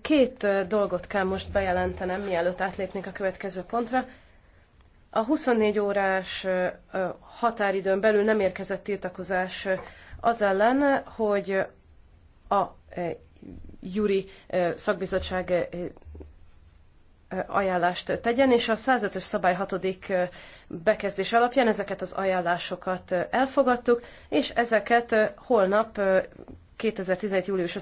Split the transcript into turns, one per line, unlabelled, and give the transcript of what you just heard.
Két dolgot kell most bejelentenem, mielőtt átlépnék a következő pontra. A 24 órás határidőn belül nem érkezett tiltakozás az ellen, hogy a Juri szakbizottság ajánlást tegyen, és a 105-ös szabály 6. bekezdés alapján ezeket az ajánlásokat elfogadtuk, és ezeket holnap 2017. július